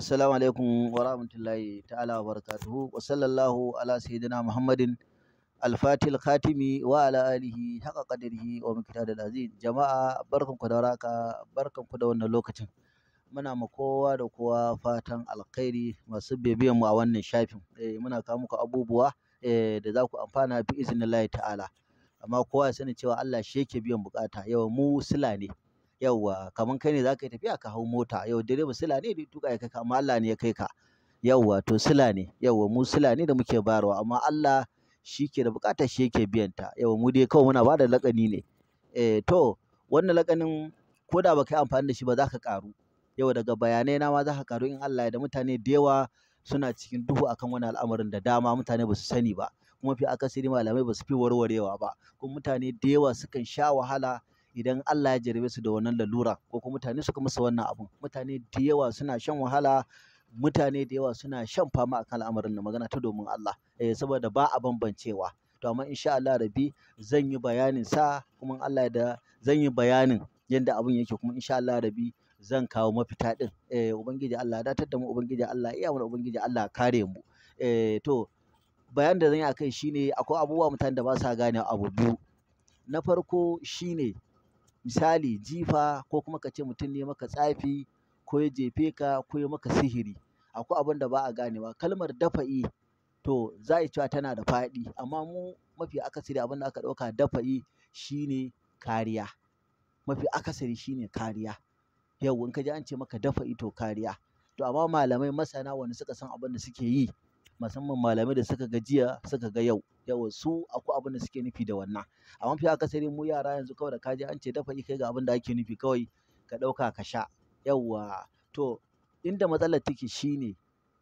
assalamu alaikum wa rahmatullahi ta'ala wa barakatuhu wa sallallahu ala sayyidina muhammadin Al-Fatil khatimi wa ala alihi haqa qadrihi wa miqdadil aziz jama'a barkanku da waraka barkanku da wannan lokacin muna ma kowa da kowa fatan alkhairi masu bibiyan mu a wannan shafin eh muna kawo muku abubuwa eh da za ku amfana bi iznillahi ta'ala amma kowa ya sani cewa Allah shi yake biyan bukata yau mu sula ne yawwa kaman kai ne za ka yi tafiya ka hau mota yau direba sila ne da tuƙa ya kai ka amma Allah ne ya kai ka yawwa to sila ne yawwa mu sila ne da muke bayarwa amma Allah shi ke da buƙatar shi yake biyan ta yawwa mu dai kawai muna bada laƙani ne eh to wannan laƙanin ko da baka yi amfani da shi ba za ka ƙaru yau daga bayanai na ma za ka ƙaru in Allah ya da mutane da yawa suna cikin duhu akan wani al'amarin da dama mutane ba su sani ba kuma fi akasari malamai ba su fi warwarewa ba kuma mutane da yawa sukan sha wahala idan Allah ya jarabe su da wannan lalura ko kuma mutane suka musu wannan abun mutane da yawa suna shan wahala mutane da yawa suna shan fama akan al'amarin nan magana ta domin Allah eh saboda ba a bambancewa to amma insha Allah rabi zan yi bayanin sa kuma Allah da zan yi bayanin yadda abun yake kuma insha Allah rabi zan kawo mafita din eh ubangiji Allah datar da mu ubangiji Allah iya mana ubangiji Allah kare mu eh to bayan da zan yi a kai shine akwai abubuwa mutane da ba sa gane abu biyu na farko shine misali jifa ko kuma ka ce mutum ne maka tsafi ko ya jefe ka ko ya maka sihiri akwai abin da ba a ganewa kalmar dafa'i to za a cewa tana da faɗi amma mu mafi akasari abin da aka ɗauka dafa'i shine kariya mafi akasari shine kariya yau in ka ji an ce maka dafa'i to kariya to amma malamai masana wanda suka san abin da suke yi musamman malamai da suka ga jiya suka ga yau yawa su akwai abin da suke nufi da wannan amma fi akasari mu yara yanzu kawai da kaje je an ce dafa kai ga abin da ake nufi kawai ka ɗauka ka sha yawa to inda matsalar take shine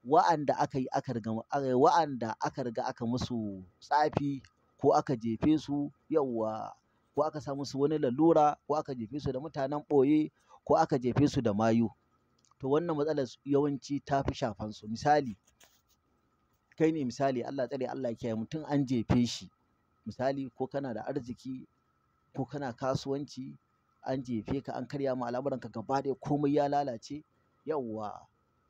wa'anda aka yi aka riga wa'anda aka riga aka musu tsafi ko aka jefe su yawa ko aka sa musu wani lalura ko aka jefe su da mutanen ɓoye ko aka jefe su da mayu to wannan matsalar yawanci ta fi shafan su misali kai ne misali Allah tsare Allah kiyaye mutum an jefe shi misali ko kana da arziki ko kana kasuwanci an jefe ka an karya ma ka gaba ɗaya komai ya lalace yawwa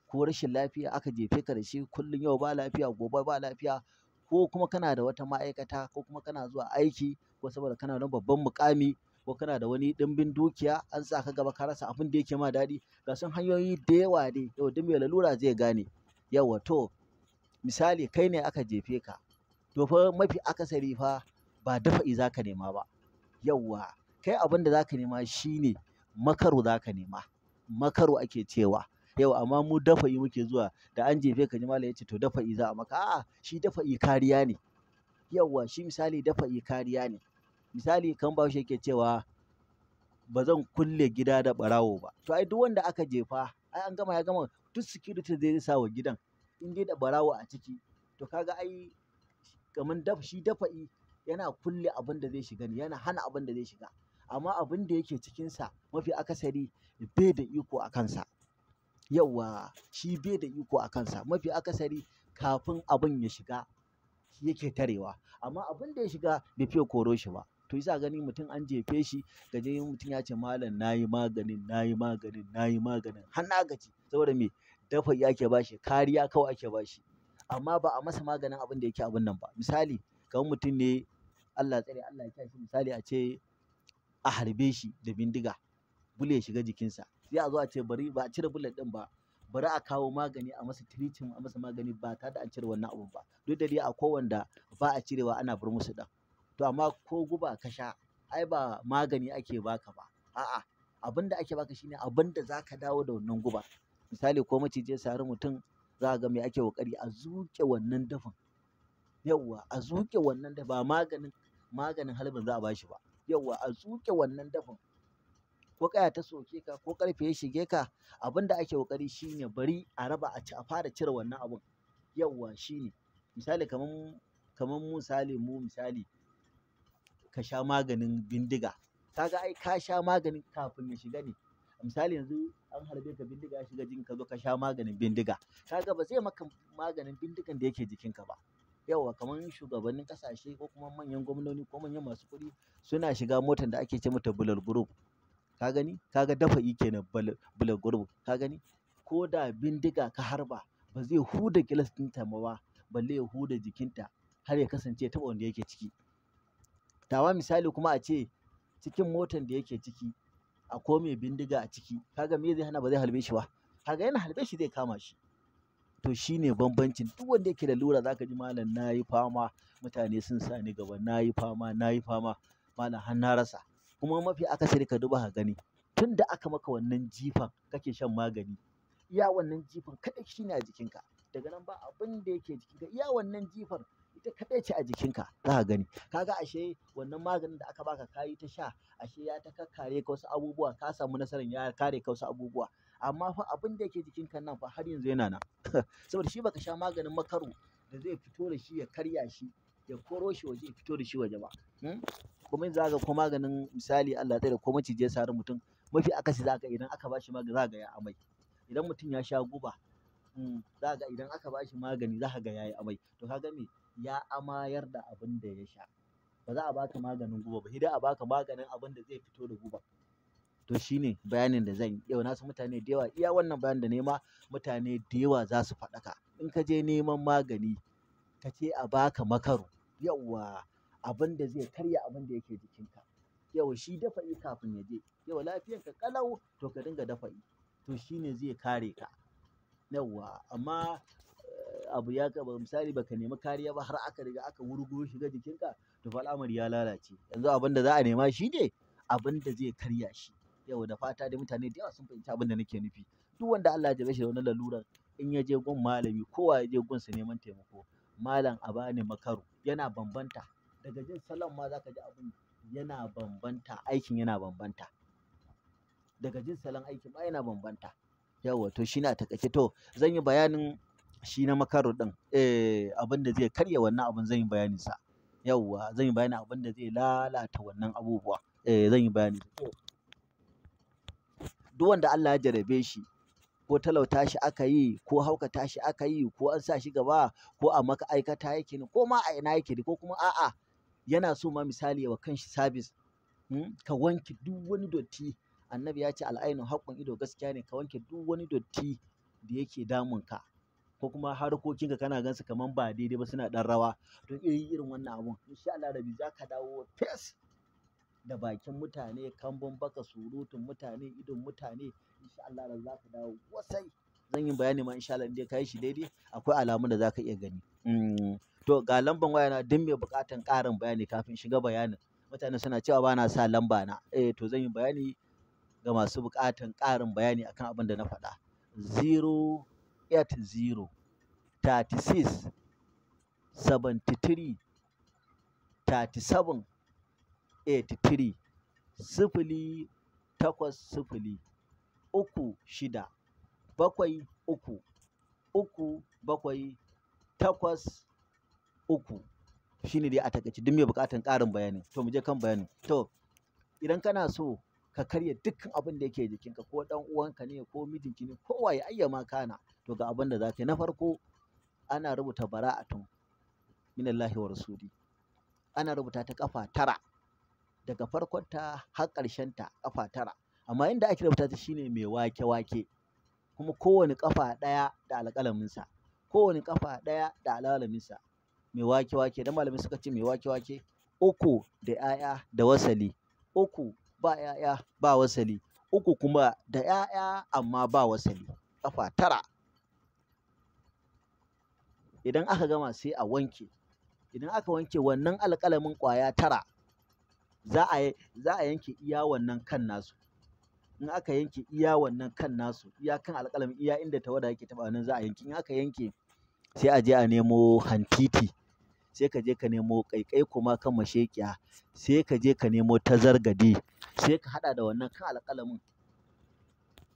ko rashin lafiya aka jefe ka da shi kullun yau ba lafiya gobe ba lafiya ko kuma kana da wata ma'aikata ko kuma kana zuwa aiki ko saboda kana da babban mukami ko kana da wani ɗimbin dukiya an sa ka gaba ka rasa abin da yake ma daɗi ga sun hanyoyi da yawa ne yau duk mai lalura zai gane yawa to misali kai ne aka jefe ka to fa mafi akasari fa ba dafa'i za ka nema ba yawwa kai abin da za ka nema shine makaro za ka nema makaro ake cewa yau amma mu dafa'i muke zuwa da an jefe ka jimala ya ce to dafa'i za a maka a'a shi dafa'i kariya ne yawwa shi misali dafa'i kariya ne misali kan ba shi yake cewa ba zan kulle gida da barawo ba to ai duk wanda aka jefa ai an gama ya gama duk security zai sa wa gidan in dai da ɓarawo a ciki to kaga ai kamar daf shi dafa'i yana kulle abin da zai shiga ne yana hana abin da zai shiga amma abin da yake cikinsa mafi akasari bai da iko a kansa yauwa shi bai da iko a kansa mafi akasari kafin abin ya shiga yake tarewa amma abin da ya shiga bai fiye koro shi ba to yasa gani mutum an jefe shi gaje mutum ya ce malam nayi maganin nayi maganin nayi maganin har na gaji saboda me dafa'i ake bashi kariya kawai ake ba shi. amma ba a masa maganin abin da yake abin nan ba misali kamar mutum ne Allah tsare Allah ya kiyaye misali a ce a harbe shi da bindiga bule ya shiga jikinsa sai a zo a ce bari ba a cire bullet din ba bari a kawo magani a masa treatment a masa magani ba ta da an cire wannan abun ba duk da dai a wanda ba a cirewa ana bar musu dan. to amma ko guba ka sha ai ba magani ake baka ba a'a abin da ake baka shine abin da zaka dawo da wannan guba misali ko maciji ya sari mutum za a ga me ake ƙoƙari a zuƙe wannan dafin yawwa a zuƙe wannan dafin ba maganin maganin halbin za a bashi ba yawwa a zuƙe wannan dafin ko ƙaya ta soke ka ko ƙarfe ya shige ka abin da ake ƙoƙari shine bari a raba a ci a fara cire wannan abun yawwa shine misali kaman kaman misali mu misali ka sha maganin bindiga kaga ai ka sha maganin kafin ya shiga ne misali yanzu an harbe ka bindiga shiga jikin ka zo ka sha maganin bindiga kaga ba zai maka maganin bindigan da yake jikinka ba yawa kamar shugabannin kasashe ko kuma manyan gwamnoni ko manyan masu kuɗi suna shiga motan da ake ce mata bullet group ka gani kaga dafa yi kenan bullet group ka gani ko da bindiga ka harba ba zai huda gilas ɗinta ba balle ya huda jikinta har ya kasance ya taɓa wanda yake ciki tawa misali kuma a ce cikin motan da yake ciki A mai bindiga a ciki kaga me zai hana ba zai halbe shi ba kaga yana halbe shi zai kama shi to shine bambancin duk wanda yake da lura zaka ji malam nayi fama mutane sun sa ni gaba nayi fama nayi fama malam har na rasa kuma mafi akasari ka duba ka gani tun da aka maka wannan jifan kake shan magani iya wannan jifan kaɗai shine a jikinka daga nan ba abin da yake jikinka iya wannan jifan ita kaɗai ce a jikinka za ka gani kaga ashe wannan maganin da aka baka kayi ta sha ashe ya ta kakkare ka wasu abubuwa ka samu nasarar ya kare ka wasu abubuwa amma fa abin da yake jikinka nan fa har yanzu yana nan saboda shi baka sha maganin makaro da zai fito da shi ya karya shi ya koro shi waje ya fito da shi waje ba hmm? kuma yanzu zaka ko maganin misali Allah tsaye da ko maciji ya sari mutum mafi akasi zaka idan aka bashi magani zaka ya amai idan mutum ya sha guba hmm, za ga idan aka bashi magani za ka ga yayi amai to ga me ya amayar da abin da ya sha ba za a baka maganin guba ba Idan a baka maganin abin da zai fito da guba to shine bayanin da zan yi yau na san mutane da yawa iya wannan bayanin da nema mutane da yawa za su faɗaka in ka je neman magani ka ce a baka makaro yawa abin da zai karya abin da yake ka, yau shi dafa yi kafin ya je Yau lafiyar ka kalau to ka dinga dafa yi. to shine zai kare ka yawa amma abu ya kaba misali baka nemi kariya ba har aka riga aka wurgo shiga jikinka to fa al'amari ya lalace yanzu abin da za a nema shi ne abin da zai karya shi yau da fata da mutane da yawa sun fahimci abin da nake nufi duk wanda Allah ya jabe shi da wannan lalurar in ya je gun malami kowa ya je gun sa neman taimako malam a bani makaro yana bambanta daga jin salon ma zaka ji abin yana bambanta aikin yana bambanta daga jin salon aikin ma yana bambanta yawa to shi na takaice to zan yi bayanin shi na makaro din eh abin da zai karya wannan abin zan yi bayanin sa yawwa zan yi bayanin abin da zai lalata wannan abubuwa eh zan yi bayani to duk wanda Allah ya jarabe shi ko talauta shi aka yi ko haukata shi aka yi ko an sa shi gaba ko a maka aikata yake ne ko ma a ina yake ne ko kuma a'a yana so ma misali wa kanshi sabis hmm, ka wanke duk wani dotti annabi ya ce al'ainu haƙƙun ido gaskiya ne ka wanke duk wani dotti da yake damun ka ko kuma harkokinka kana gansu kaman ba daidai ba suna ɗan rawa to irin irin wannan abun insha Allah rabi za ka dawo fes da bakin mutane kambun baka surutun mutane idon mutane insha Allah rabi za ka dawo wasai zan yi bayani ma insha Allah inda kai ka yi shi daidai akwai alamun da za ka iya gani mm, to ga lamban waya na duk mai buƙatan ƙarin bayani kafin shiga bayanin mutane suna cewa ba na sa lamba na eh to zan yi bayani ga masu bukatan ƙarin bayani akan abin da na faɗa zero eight zero thirty 73 seventy three sifili takwas sifili uku shida bakwai uku uku bakwai takwas uku shine dai a takaice duk mai bukatan ƙarin bayani to mu je kan bayani to idan kana so ka karya dukkan abin da yake jikinka ko dan uwanka ne ko mijinki ne ko waye ayyama kana to ga abin da za ka yi na farko ana rubuta bara'atun minallahi wa rasuli ana rubuta ta kafa tara daga farkon ta har ƙarshen ta kafa tara amma inda ake rubuta ta shine mai wake wake kuma kowane kafa daya da alƙalamin sa kowane kafa ɗaya da sa, mai wake wake dan malamin suka ce mai wake wake uku da 'ya'ya da wasali uku ba ‘ya'ya ba wasali, uku kuma da ‘ya'ya amma ba wasali, ƙafa tara. Idan aka gama sai a wanke, idan aka wanke wannan alƙalamin ƙwaya tara za a yanke iya wannan kan nasu. In aka yanke iya wannan kan nasu, iya kan alƙalamin iya inda wada yake taɓa nan za a yanke, in aka yanke sai a je a nemo hantiti. sai ka je ka nemo ƙaiƙai kuma kan masheƙiya sai ka je ka nemo tazargadi. sai ka haɗa da wannan kan alƙalamin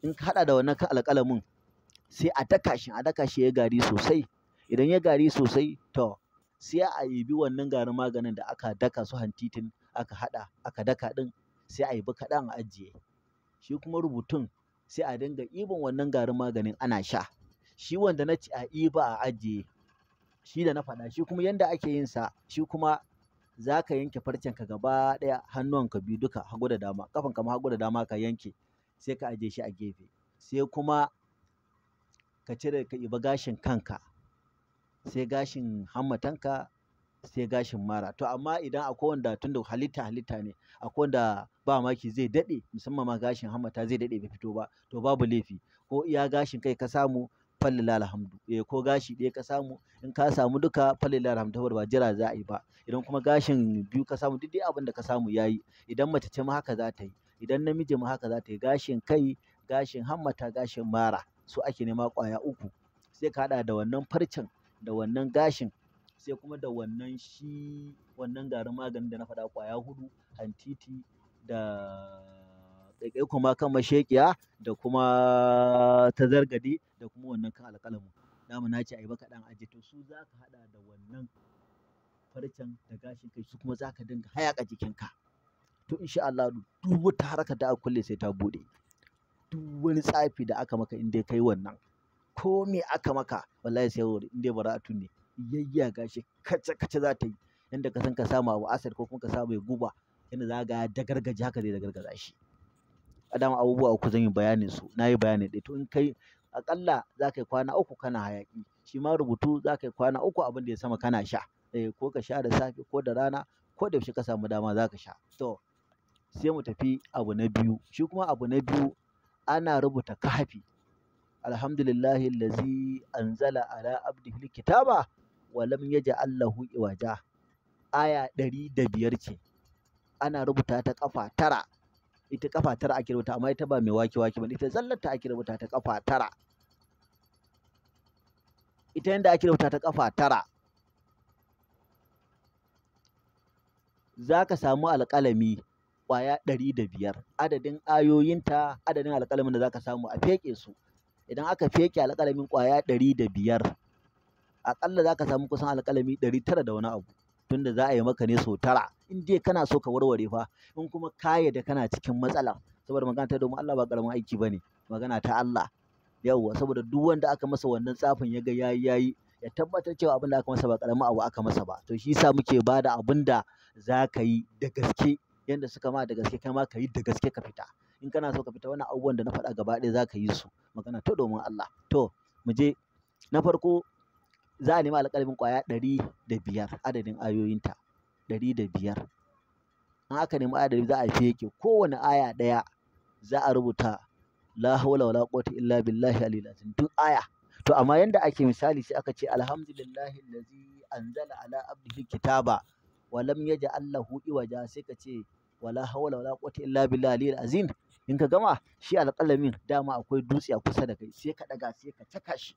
in ka haɗa da wannan kan alƙalamin sai a daka shi a daka shi ya gari sosai idan ya gari sosai to sai a ibi wannan garin maganin da aka daka su hantitin aka haɗa aka daka ɗin sai a ibi kaɗan a ajiye shi kuma rubutun sai a dinga ibin wannan garin maganin ana sha shi wanda na ci a iba a ajiye shi da na faɗa shi kuma yanda ake yin sa shi kuma za ka yanke ka gaba ɗaya ka biyu duka hagu da dama kafanka ma hagu da dama ka yanke sai ka aje shi a gefe sai kuma ka cire ka iba gashin kanka sai gashin hammatanka sai gashin mara to amma idan akwai wanda tunda halitta halitta ne akwai wanda ba maki zai daɗe musamman ma gashin hammata zai daɗe bai fito ba to babu laifi ko iya gashin kai ka samu falilal alhamdu, eh ko gashi ɗaya ka samu in ka samu duka alhamdu hamdu ba jira za a yi ba idan kuma gashin biyu ka samu duk dai abin da ka samu yayi idan mace ce ma haka za ta yi idan namiji ma haka za ta yi gashin kai gashin hammata gashin mara su ake nema ƙwaya uku sai ka haɗa da wannan farcen da wannan gashin sai kuma da wannan shi wannan garin maganin da na faɗa ƙwaya hudu antiti da Kai-kai kuma kan mashekiya da kuma ta zargadi da kuma wannan kan alƙalamu dama na ce a yi baka dan aje to su za ka haɗa da wannan farcen da gashin kai su kuma za ka dinga hayaƙa jikinka to insha Allah duk wata harka da aka kulle sai ta buɗe duk wani tsafi da aka maka in kai wannan ko me aka maka wallahi sai wuri in dai bara'atu ne yayya gashi kace kace za ta yi yanda ka san ka sama abu Asar ko kuma ka samu guba yana za ga dagargaje haka zai dagargaza shi dama abubuwa uku zan yi bayanin su na yi bayanin ɗaya to in kai aƙalla za ka yi kwana uku kana hayaƙi shi ma rubutu za ka yi kwana uku abin da ya sama kana sha eh ko ka sha da safe ko da rana ko da yaushe ka samu dama za ka sha to sai mu tafi abu na biyu shi kuma abu na biyu ana rubuta kahafi alhamdulillahi allazi anzala ala abdihi kitaba wa lam yaj'al lahu iwaja aya ɗari da biyar ce ana rubuta ta kafa tara ita kafa tara ake rubuta amma ita ba mai wake wake ba ita zallar ta ake rubuta ta kafa tara ita yanda ake rubuta ta kafa tara za ka samu alƙalami ƙwaya ɗari da biyar adadin ayoyinta adadin alƙalamin da za ka samu a feƙe su idan aka feƙe alƙalamin ƙwaya ɗari da biyar aƙalla za ka samu kusan alƙalami ɗari tara da wani abu tunda za a yi maka ne sau tara in dai kana so ka warware fa in kuma ka da kana cikin matsala saboda magana ta domin Allah ba karamin aiki bane magana ta Allah yawwa saboda duk wanda aka masa wannan tsafin ya ga yayi yayi ya tabbatar cewa abin da aka masa ba karamin abu aka masa ba to shi yasa muke bada abin da za ka yi da gaske yanda suka ma da gaske kai ma ka yi da gaske ka fita in kana so ka fita wannan abubuwan da na faɗa gaba ɗaya za ka yi su magana ta domin Allah to mu je na farko za a nemi alƙalamin ƙwaya ɗari da biyar adadin ayoyinta ɗari da biyar in aka nemi aya ɗari za a feke? kowane aya ɗaya za a rubuta la haula wala quwwata illa billahi alil azim duk aya to amma yanda ake misali sai aka ce alhamdulillahi allazi anzala ala abdihi kitaba wa lam yaj'al lahu iwaja sai ka ce wala haula wala quwwata illa billahi alil azim in ka gama shi alƙalamin dama akwai dutse a kusa da kai sai ka daga sai ka caka shi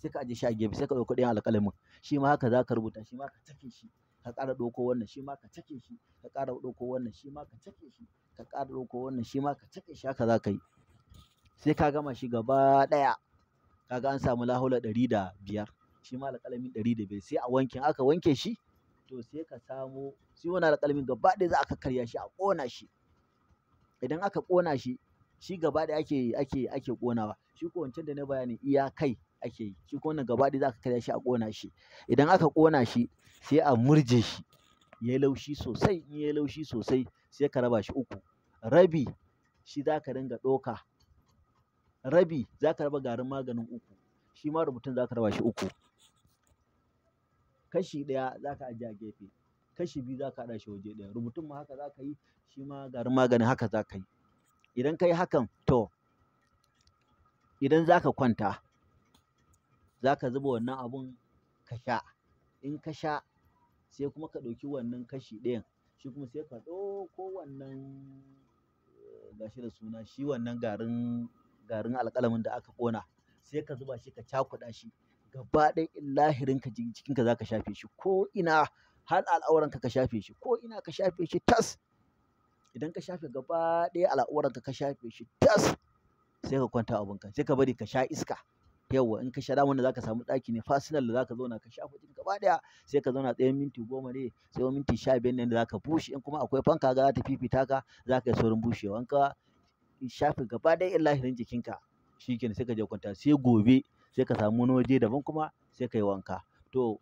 sai ka aje shi a gefe sai ka ɗauki ɗayan alƙalamin shi ma haka za ka rubuta shi ma ka take shi ka ƙara ɗauko wannan shi ma ka cake shi ka ƙara ɗauko wannan shi ma ka cake shi ka ƙara ɗauko wannan shi ma ka cake shi haka za ka yi sai ka gama shi gaba ɗaya kaga an samu lahula ɗari da biyar shi ma alƙalamin ɗari da biyar sai a wanke aka wanke shi to sai ka samo shi wani alƙalamin gaba ɗaya za a karya shi a ƙona shi idan aka ƙona shi shi gaba ɗaya ake ake ake ƙonawa shi ko wancan da na bayani iya kai ake yi shi ko wannan gaba ɗaya za a karya shi a ƙona shi idan aka ƙona shi sai a murje shi ya laushi sosai in ya yi laushi sosai sai ka raba shi uku rabi shi za ka dinga ɗauka rabi za ka raba garin maganin uku shi ma rubutun za ka raba shi uku kashi ɗaya za ka ajiye a gefe kashi biyu za ka haɗa shi waje ɗaya rubutun ma haka za ka yi shi ma garin maganin haka za ka yi idan ka yi hakan to idan za ka kwanta za ka zuba wannan abun ka sha in ka sha sai kuma ka ɗauki wannan kashi ɗayan shi kuma sai ka ɗauko wannan eh, gashi da suna shi wannan garin garin alƙalamin da aka ƙona sai ka zuba shi ka cakuɗa shi gaba ɗaya lahirin ka ka za ka shafe shi ko ina har al'auran ka ka shafe shi ko ina ka shafe shi tas idan ka shafe gaba ɗaya al'auran ka ka shafe shi tas sai ka kwanta ka sai ka bari ka sha iska yawwa in ka sha daman wanda zaka samu daki ne fasinal da zaka zauna ka shafa jin gaba daya sai ka zauna tsayin minti goma ne sai minti sha biyar ne da zaka bushe in kuma akwai fanka ga ta fifita ka zaka yi saurin bushewa in ka shafa gaba daya in lahirin jikinka shikenan sai ka je kwanta sai gobe sai ka samu wani waje daban kuma sai ka wanka to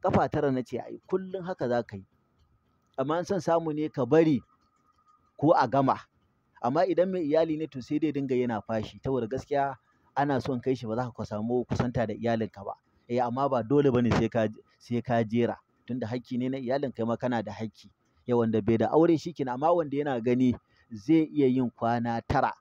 kafa tara na ce ai kullun haka za ka yi amma in son samu ne ka bari ko a gama amma idan mai iyali ne to sai dai dinga yana fashi saboda gaskiya ana son kai shi ba za ka samu kusanta da iyalinka ba eh amma ba dole bane sai ka sai ka jera tunda hakki ne na iyalin kai ma kana da hakki ya wanda bai da aure shi shikenan amma wanda yana gani zai iya yin kwana tara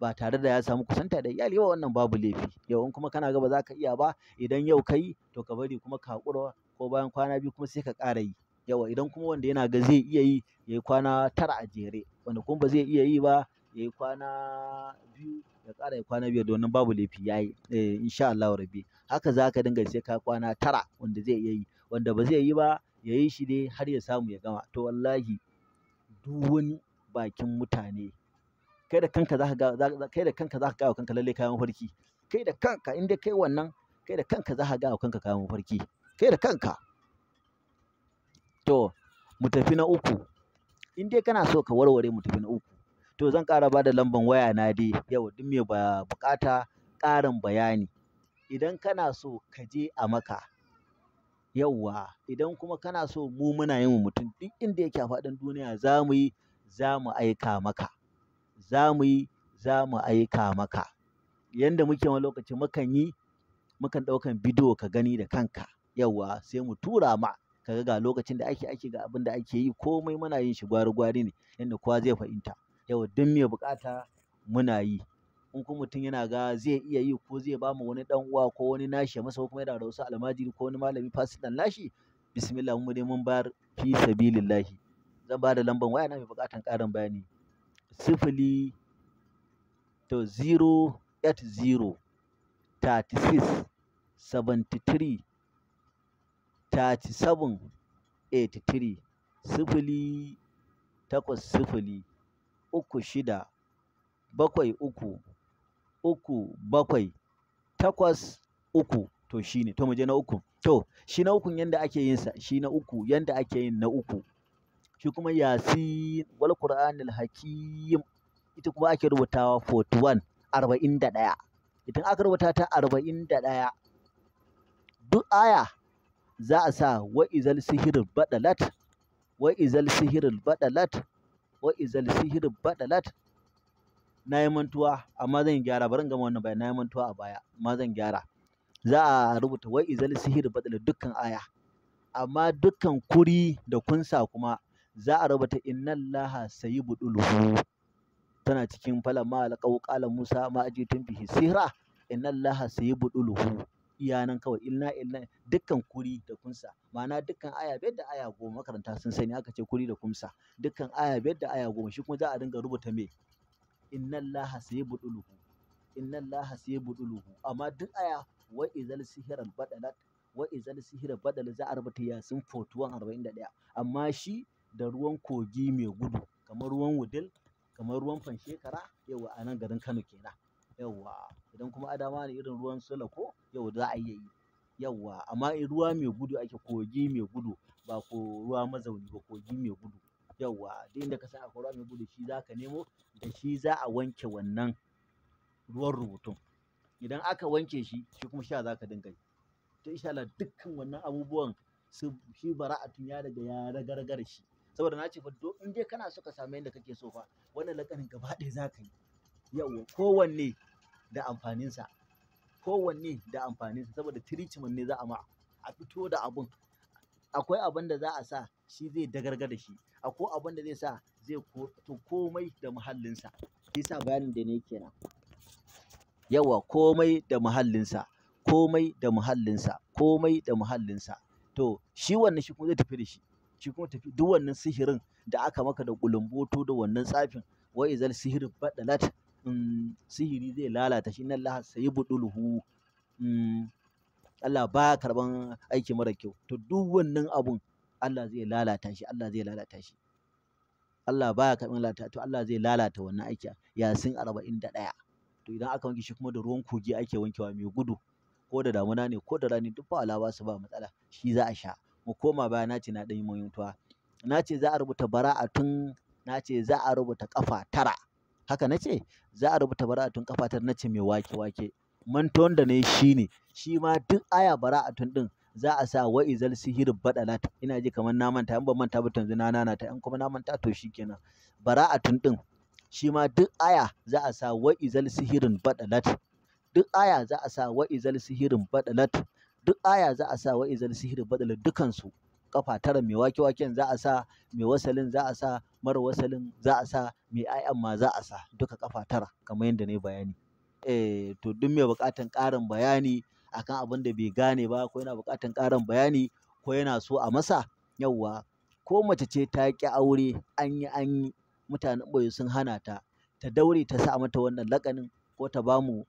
ba tare da ya samu kusanta da iyali ba wannan babu laifi yau in kuma kana ga ba za ka iya ba idan yau kai to ka bari kuma ka hakura ko bayan kwana biyu kuma sai ka ƙara yi yawa idan kuma wanda yana ga zai iya yi ya yi kwana tara a jere wanda kuma ba zai iya yi ba ya yi kwana biyu ka ƙara yi kwana biyar domin babu laifi ya yi. Eh, insha Allahu rabbi haka za ka dinga sai ka kwana tara wanda zai iya yi wanda ba zai yi ba ya yi shi dai har ya samu ya gama to wallahi duk wani bakin mutane kai da kanka za ka ga kai da kanka za ka ga kanka lalle kayan farki kai da kanka inda kai wannan kai da kanka za ka ga kanka kayan farki kai da kanka to mu tafi na uku in dai kana so ka warware mu tafi na uku to zan ƙara ba da lambar waya na dai yau duk mai buƙata ƙarin bayani. Idan kana so ka je a maka yauwa idan kuma kana so mu muna yin wa mutum duk inda yake a faɗin duniya za yi za mu aika maka, za yi za mu aika maka. Yanda muke wani lokaci mukan yi mukan ɗaukan bidiyo ka gani da kanka yauwa sai mu tura ma ka ga ga lokacin da ake ake ga abin da ake yi komai muna yin shi gwari gwari ne yanda kowa zai fahimta. yau duk mai buƙata muna yi in kuma mutum yana ga zai iya yi ko zai ba wani dan uwa ko wani nashi ya masa ko kuma yana da wasu almajiri ko wani malami fasidan nashi bismillah mu dai mun bar fi sabilillahi zan ba da lambar waya na mai buƙatan ƙarin bayani sifili to zero eight zero thirty six seventy three thirty seven eighty three sifili takwas sifili uku shida bakwai uku uku bakwai takwas uku to shi ne to mu je na uku to shi na ukun yanda ake yin sa shi na uku yanda ake yin na uku shi kuma yasin wal qur'anil hakim ita kuma ake rubutawa 41 41 idan aka rubuta ta 41 duk aya za a sa wa izal sihirul badalat wa izal sihirul badalat wa izal sihiru badalat na yi mantuwa amma zan gyara bari in gama wannan bayan na yi mantuwa a baya amma zan gyara za a rubuta wa izal sihiru badalat dukkan aya amma dukkan kuri da kunsa kuma za a rubuta innallaha sayyibudulhu tana cikin falamma alqaw qala musa ma ajitum bihi sihra innallaha sayyibudulhu iya nan kawai illa illa dukkan kuri da kumsa ma'ana dukkan aya biyar da aya goma makaranta sun sani aka ce kuri da kumsa dukkan aya biyar da aya goma shi kuma za a dinga rubuta me inna allaha sayyibuduluhu inna allaha sayyibuduluhu amma duk aya wa idzal sihiran badalat wa idzal sihira badal za a rubuta yasin 41 amma shi da ruwan kogi mai gudu kamar ruwan wudil kamar ruwan fanshekara yawa a nan garin Kano kenan yawa idan kuma adama ne irin ruwan sulako yau za a iya yi yauwa amma in ruwa mai gudu ake kogi mai gudu ba ko ruwa mazauni ba kogi mai gudu yauwa duk inda ka san akwai ruwa mai gudu shi za ka nemo da shi za a wanke wannan ruwan rubutun idan aka wanke shi shi kuma sha za ka dinga yi to insha Allah dukkan wannan abubuwan su shi bara'atun ya daga ya ragargar shi saboda na ce fa in dai kana so ka samu yadda kake so fa wannan lakanin gaba ɗaya za ka yi yauwa kowanne da amfaninsa kowanne da amfanin sa saboda treatment ne za a ma a fito da abun akwai abin da za a sa shi zai dagarga da shi akwai abin da zai sa zai to komai da muhallinsa shi sa bayanin da ne kenan yawa komai da muhallinsa komai da muhallinsa komai da muhallinsa to shi wannan shi kuma zai tafi da shi shi kuma tafi duk wannan sihirin da aka maka da kulumboto da wannan tsafin wa izal sihir badalat sihiri zai lalata shi inna Allah sayubduluhu mm, Allah ba karban aiki mara kyau to duk wannan abun Allah zai lalata shi Allah zai lalata shi Allah ba karban lalata to Allah zai lalata wannan aiki arba'in da ɗaya, to idan aka wanke shi kuma da ruwan kogi ake wankewa mai gudu ko da damuna ne ko da rani duk ba alawa su ba matsala shi za a sha mu koma baya na ce na ɗan yi mantuwa na ce za a rubuta bara'atun na ce za a rubuta kafa tara haka na ce za a rubuta bara'atun kafatar na ce mai wake wake mantuwan da na yi shi ne shi ma duk aya bara'atun din za a sa wa izal sihirin badalat ina ji kamar na manta in ban manta ba tanzu na nana ta in kuma na manta to a bara'atun din shi ma duk aya za a sa wa izal sihirin badalat duk aya za a sa wa izal sihirin badalat duk aya za a sa wa izal sihirin badalat dukansu kafa tara mai wake waken za a sa mai wasalin za a sa mara wasalin za a sa mai ayan ma za a sa duka kafa tara kamar yadda na yi bayani eh to duk mai buƙatar ƙarin bayani akan abin da bai gane ba ko yana buƙatar ƙarin bayani ko yana so a masa yawwa ko mace ce ta ƙi aure an yi an yi mutanen ɓoye sun hana ta ta daure ta sa mata wannan lakanin ko ta ba mu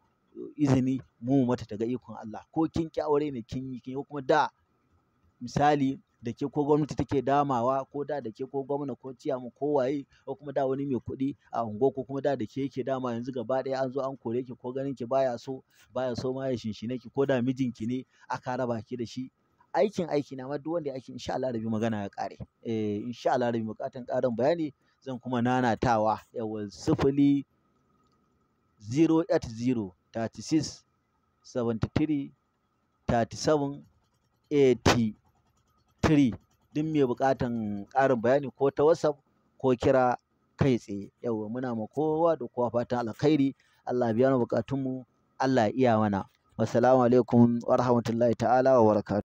izini mu mata ta ga ikon Allah ko kin ƙi aure ne kin yi kin kuma da misali da ke ko gwamnati take damawa ko da da ke ko gwamna ko ciyama ko waye ko kuma da wani mai kuɗi a unguwa ko kuma da da ke yake dama yanzu gaba ɗaya an zo an kore ki ko ganin ki baya so baya so ma ya shinshine ki ko da mijinki ne aka raba ki da shi aikin aiki na ma duk wanda insha Allah rabi magana ya kare eh insha Allah rabi bukatan karin bayani zan kuma nanatawa yawa sifili 080 36 73 37 80 three duk mai buƙatan ƙarin bayani ko ta WhatsApp ko kira kai tsaye yauwa muna ma kowa da kowa fatan alkhairi Allah biya mana buƙatunmu Allah ya iya mana wassalamu alaikum wa rahmatullahi ta'ala wa barakatuh